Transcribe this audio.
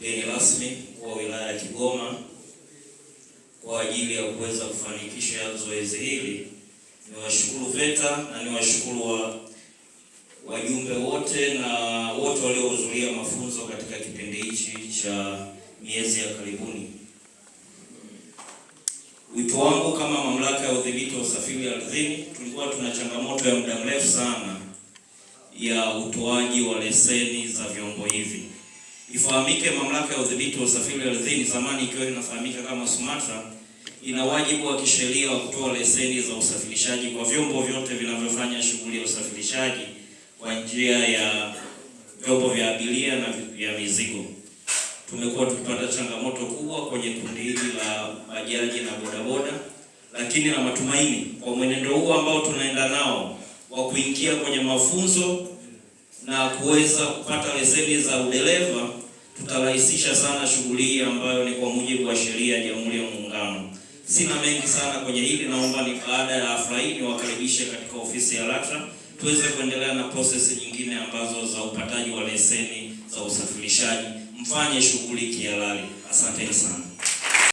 mgeni rasmi, wa wilaya ya Kigoma, kwa ajili ya kuweza kufanikisha zoezi hili. Niwashukuru VETA na niwashukuru wa wajumbe wote na wote waliohudhuria mafunzo katika kipindi hichi cha miezi ya karibuni. Wito wangu kama mamlaka ya udhibiti wa usafiri ardhini, tulikuwa tuna changamoto ya muda mrefu sana ya utoaji wa leseni za vyombo hivi. Ifahamike, mamlaka ya udhibiti wa usafiri ardhini, zamani ikiwa inafahamika kama SUMATRA, ina wajibu wa kisheria wa kutoa leseni za usafirishaji kwa vyombo vyote vinavyofanya shughuli ya usafirishaji kwa njia ya vyombo vya abiria na vya mizigo. Tumekuwa tukipata changamoto kubwa kwenye kundi hili la bajaji na bodaboda, lakini na matumaini kwa mwenendo huu ambao tunaenda nao wa kuingia kwenye mafunzo na kuweza kupata leseni za udereva tutarahisisha sana shughuli hii ambayo ni kwa mujibu wa sheria ya Jamhuri ya Muungano. Sina mengi sana kwenye hili, naomba ni baada ya hafla hii niwakaribishe katika ofisi ya LATRA tuweze kuendelea na prosesi nyingine ambazo za upataji wa leseni za usafirishaji. Mfanye shughuli kihalali. Asanteni sana.